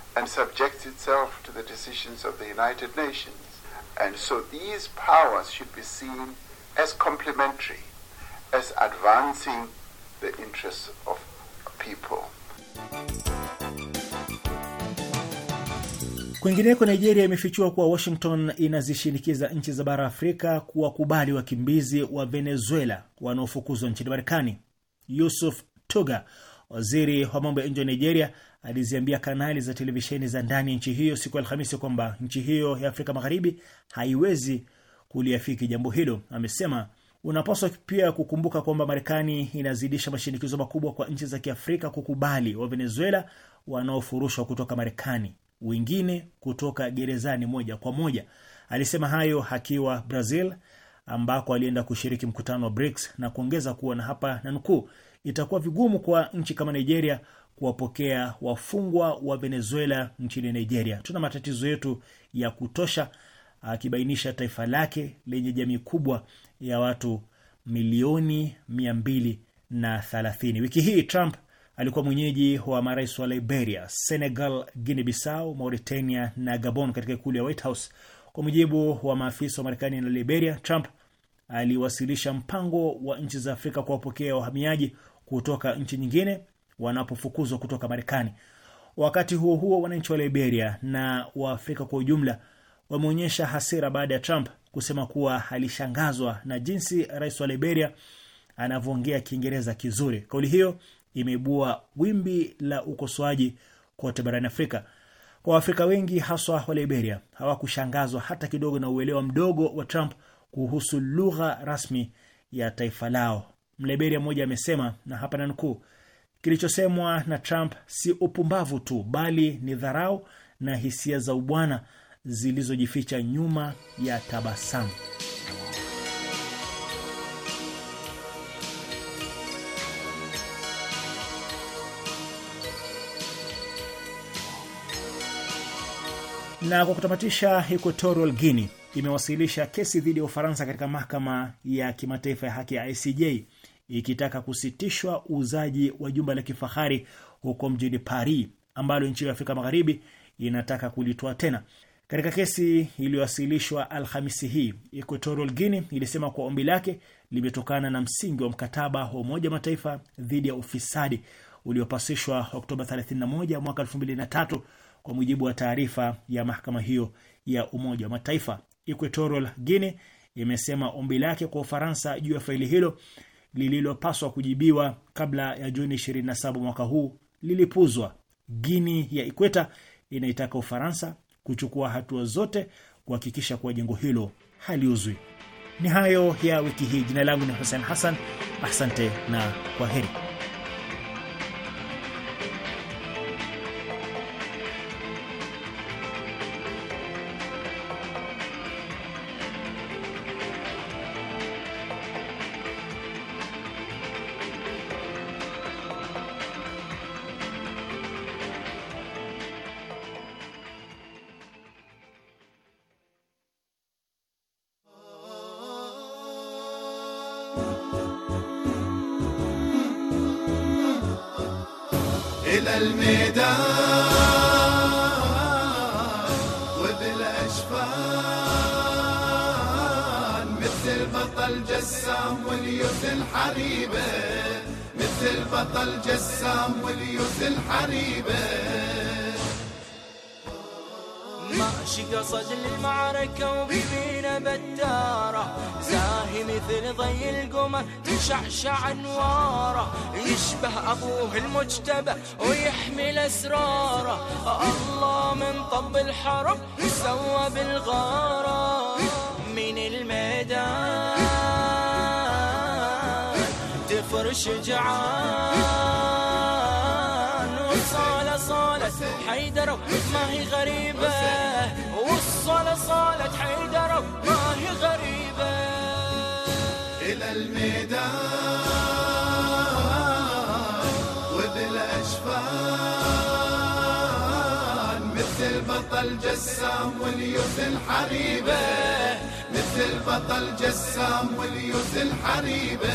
and subjects itself to the decisions of the United Nations. And so these powers should be seen as complementary, as advancing the interests of people. Kwingineko, Nigeria imefichua kuwa Washington inazishinikiza nchi za bara Afrika kuwakubali wakimbizi wa Venezuela wanaofukuzwa nchini Marekani. Yusuf Tuga, waziri wa mambo ya nje wa Nigeria, aliziambia kanali za televisheni za ndani ya nchi hiyo siku ya Alhamisi kwamba nchi hiyo ya Afrika Magharibi haiwezi kuliafiki jambo hilo. Amesema unapaswa pia kukumbuka kwamba Marekani inazidisha mashinikizo makubwa kwa nchi za Kiafrika kukubali wa Venezuela wanaofurushwa kutoka Marekani, wengine kutoka gerezani moja kwa moja. Alisema hayo akiwa Brazil ambako alienda kushiriki mkutano wa BRICS na kuongeza kuwa na hapa na nukuu, itakuwa vigumu kwa nchi kama Nigeria kuwapokea wafungwa wa Venezuela nchini Nigeria. Tuna matatizo yetu ya kutosha, akibainisha taifa lake lenye jamii kubwa ya watu milioni mia mbili na thelathini. Wiki hii Trump alikuwa mwenyeji wa marais wa Liberia, Senegal, Guinea Bissau, Mauritania na Gabon katika ikulu ya White House. Kwa mujibu wa maafisa wa Marekani na Liberia, Trump aliwasilisha mpango wa nchi za Afrika kuwapokea wahamiaji kutoka nchi nyingine wanapofukuzwa kutoka Marekani. Wakati huo huo, wananchi wa Liberia na Waafrika kwa ujumla wameonyesha hasira baada ya Trump kusema kuwa alishangazwa na jinsi rais wa Liberia anavyoongea Kiingereza kizuri. Kauli hiyo imeibua wimbi la ukosoaji kote barani Afrika. Kwa Waafrika wengi haswa wa Liberia hawakushangazwa hata kidogo na uelewa mdogo wa Trump kuhusu lugha rasmi ya taifa lao. Mliberia mmoja amesema, na hapa nanukuu, Kilichosemwa na Trump si upumbavu tu, bali ni dharau na hisia za ubwana zilizojificha nyuma ya tabasamu. Na kwa kutamatisha, Equatorial Guinea imewasilisha kesi dhidi ya Ufaransa katika mahakama ya kimataifa ya haki ya ICJ ikitaka kusitishwa uuzaji wa jumba la kifahari huko mjini Paris ambalo nchi ya Afrika Magharibi inataka kulitoa tena. Katika kesi iliyowasilishwa Alhamisi hii, Equatorial Guinea ilisema kuwa ombi lake limetokana na msingi wa mkataba wa Umoja wa Mataifa dhidi ya ufisadi uliopasishwa Oktoba 31 mwaka 2003 kwa mujibu wa taarifa ya mahakama hiyo ya Umoja wa Mataifa. Equatorial Guinea imesema ombi lake kwa Ufaransa juu ya faili hilo lililopaswa kujibiwa kabla ya Juni 27 mwaka huu lilipuzwa. Guini ya Ikweta inaitaka Ufaransa kuchukua hatua zote kuhakikisha kuwa jengo hilo haliuzwi. Ni hayo ya wiki hii. Jina langu ni Hussein Hassan, asante na kwa heri الحرب سوى بالغارة من الميدان تفر شجعان وصالة صالة حيدر ما هي غريبة وصالة صالة حيدر ما هي غريبة إلى الميدان بطل جسام واليوز الحريبة مثل بطل جسام واليوز الحريبة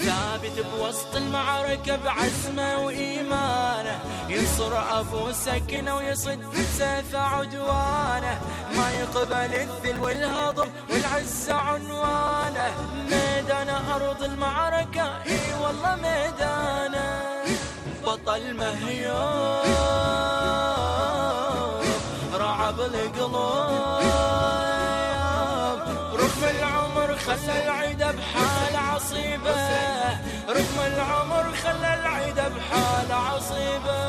ثابت بوسط المعركة بعزمه وإيمانه ينصر أبو سكنه ويصد سيف عدوانه ما يقبل الذل والهضم والعزة عنوانه ميدان أرض المعركة إي والله ميدانه بطل مهيوب رعب القلوب رغم العمر خلى العيد بحال عصيبة رغم العمر خلى العيد بحال عصيبة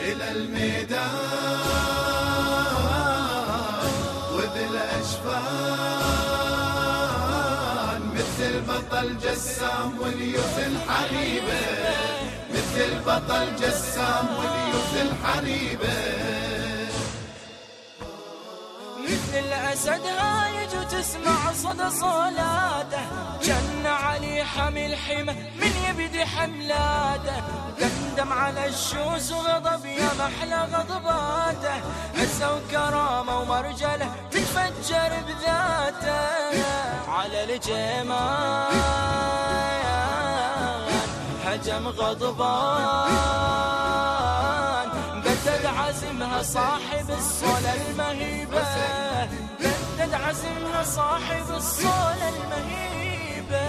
إلى الميدان وذل مثل بطل جسام واليوث الحليب البطل جسام وليوث الحريبة مثل الأسد هايج وتسمع صدى صولاته جن علي حمل حمى من يبدي حملاته دمدم على الشوس وغضب يا محلى غضباته عزة وكرامة ومرجلة تتفجر بذاته على الجمال العجم غضبان بدد عزمها صاحب الصولة المهيبة بدد عزمها صاحب الصولة المهيبة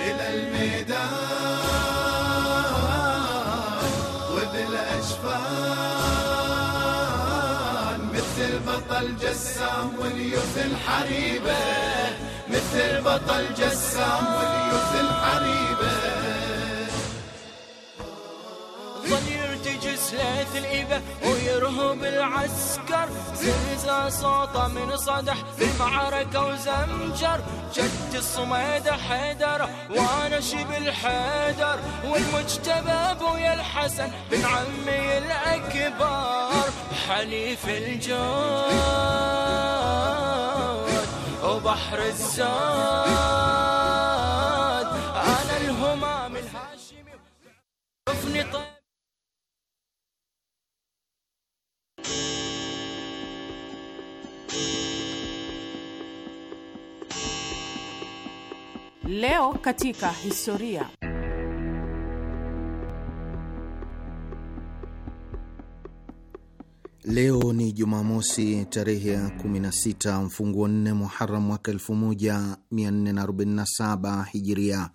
إلى الميدان وبالأجفان مثل بطل جسام واليوث الحريبة مثل بطل جسام واليوث الحريبة وسلة الإبة ويرهب العسكر زلزة صوته من صدح في المعركة وزمجر جد الصمادة حيدر وانا شب الحيدر والمجتبى ابويا الحسن بن عمي الأكبر حليف الجود وبحر الزاد Leo katika historia. Leo ni Jumamosi tarehe ya 16 mfunguo 4 Muharam mwaka 1447 Hijiria,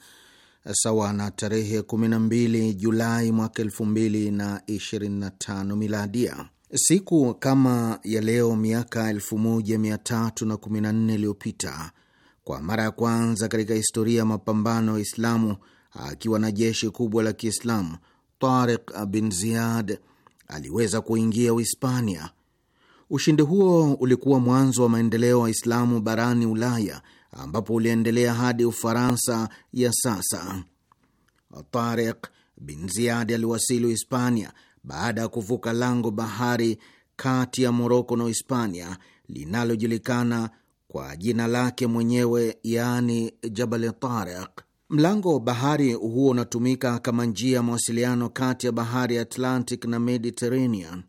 sawa na tarehe 12 Julai mwaka 2025 Miladia. Siku kama ya leo miaka 1314 iliyopita kwa mara ya kwanza katika historia ya mapambano ya Waislamu akiwa na jeshi kubwa la Kiislamu, Tariq bin Ziyad aliweza kuingia Uhispania. Ushindi huo ulikuwa mwanzo wa maendeleo ya Waislamu barani Ulaya, ambapo uliendelea hadi Ufaransa ya sasa. Tariq bin Ziyad aliwasili Uhispania baada ya kuvuka lango bahari kati ya Moroko na Uhispania linalojulikana kwa jina lake mwenyewe, yaani Jabal Tariq. Mlango wa bahari huo unatumika kama njia ya mawasiliano kati ya bahari ya Atlantic na Mediterranean.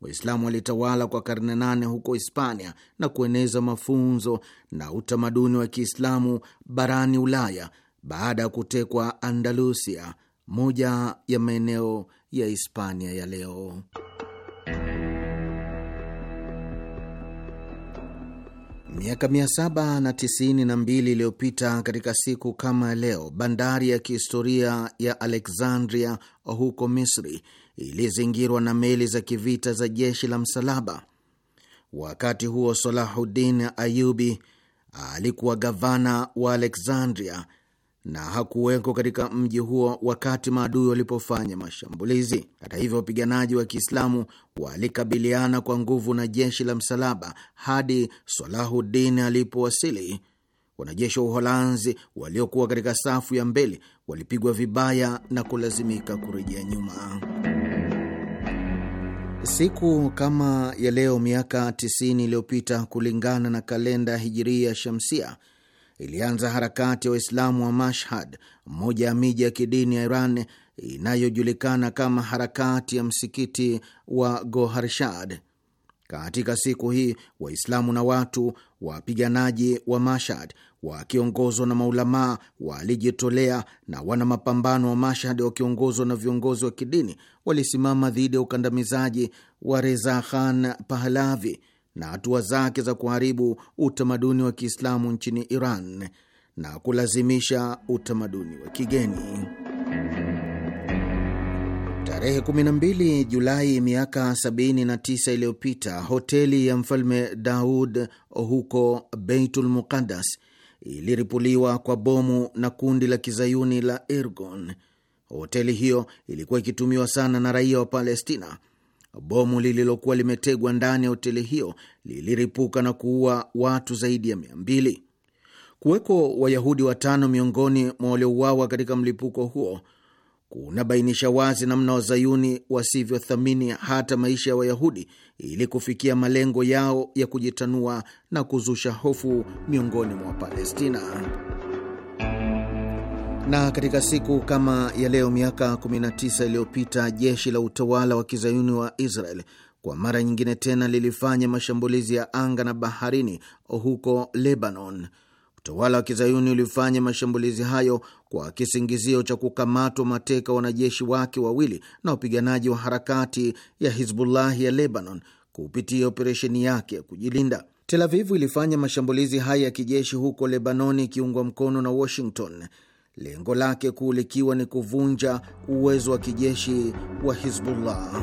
Waislamu walitawala kwa karne nane huko Hispania na kueneza mafunzo na utamaduni wa Kiislamu barani Ulaya baada ya kutekwa Andalusia, moja ya maeneo ya Hispania ya leo. Miaka 792 iliyopita katika siku kama leo, bandari ya kihistoria ya Alexandria huko Misri ilizingirwa na meli za kivita za jeshi la msalaba. Wakati huo Salahuddin Ayubi alikuwa gavana wa Alexandria na hakuwekwa katika mji huo wakati maadui walipofanya mashambulizi. Hata hivyo, wapiganaji wa Kiislamu walikabiliana kwa nguvu na jeshi la msalaba hadi Salahuddin alipowasili. Wanajeshi wa Uholanzi waliokuwa katika safu ya mbele walipigwa vibaya na kulazimika kurejea nyuma. Siku kama ya leo miaka 90 iliyopita kulingana na kalenda hijiria shamsia ilianza harakati ya Waislamu wa Mashhad, mmoja ya miji ya kidini ya Iran inayojulikana kama harakati ya msikiti wa Goharshad. Katika siku hii Waislamu na watu wapiganaji wa Mashhad wakiongozwa na maulamaa walijitolea na wana mapambano wa Mashhad wakiongozwa na viongozi wa kidini walisimama dhidi ya ukandamizaji wa Reza Khan Pahlavi na hatua zake za kuharibu utamaduni wa Kiislamu nchini Iran na kulazimisha utamaduni wa kigeni. Tarehe 12 Julai miaka 79 iliyopita, hoteli ya mfalme Daud huko Beitul Muqaddas iliripuliwa kwa bomu na kundi la kizayuni la Irgun. Hoteli hiyo ilikuwa ikitumiwa sana na raia wa Palestina Bomu lililokuwa limetegwa ndani ya hoteli hiyo liliripuka na kuua watu zaidi ya mia mbili. Kuweko Wayahudi watano miongoni mwa waliouawa katika mlipuko huo kunabainisha wazi namna Wazayuni wasivyothamini hata maisha ya Wayahudi ili kufikia malengo yao ya kujitanua na kuzusha hofu miongoni mwa palestina na katika siku kama ya leo miaka 19 iliyopita jeshi la utawala wa kizayuni wa Israel kwa mara nyingine tena lilifanya mashambulizi ya anga na baharini huko Lebanon. Utawala wa kizayuni ulifanya mashambulizi hayo kwa kisingizio cha kukamatwa mateka wanajeshi wake wawili na wapiganaji wa harakati ya Hizbullahi ya Lebanon kupitia operesheni yake ya kujilinda. Tel Avivu ilifanya mashambulizi haya ya kijeshi huko Lebanoni ikiungwa mkono na Washington lengo lake kuu likiwa ni kuvunja uwezo wa kijeshi wa Hizbullah.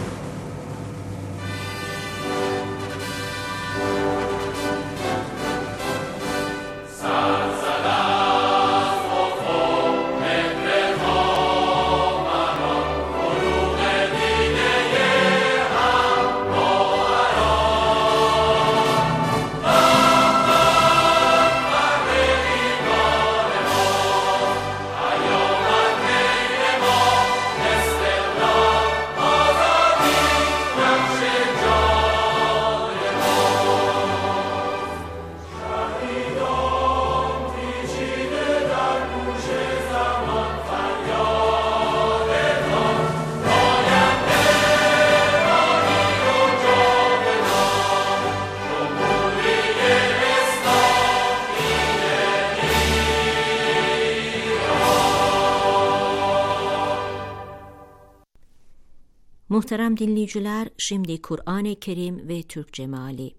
Muhterem dinleyiciler, şimdi Kur'an-ı Kerim ve Türkçe meali.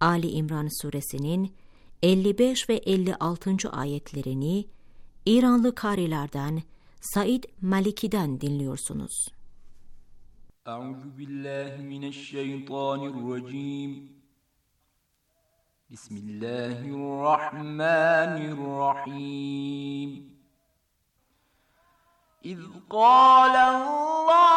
Ali İmran suresinin 55 ve 56. ayetlerini İranlı karilerden Said Maliki'den dinliyorsunuz. Euzu billahi mineşşeytanirracim. Bismillahirrahmanirrahim. İz قال الله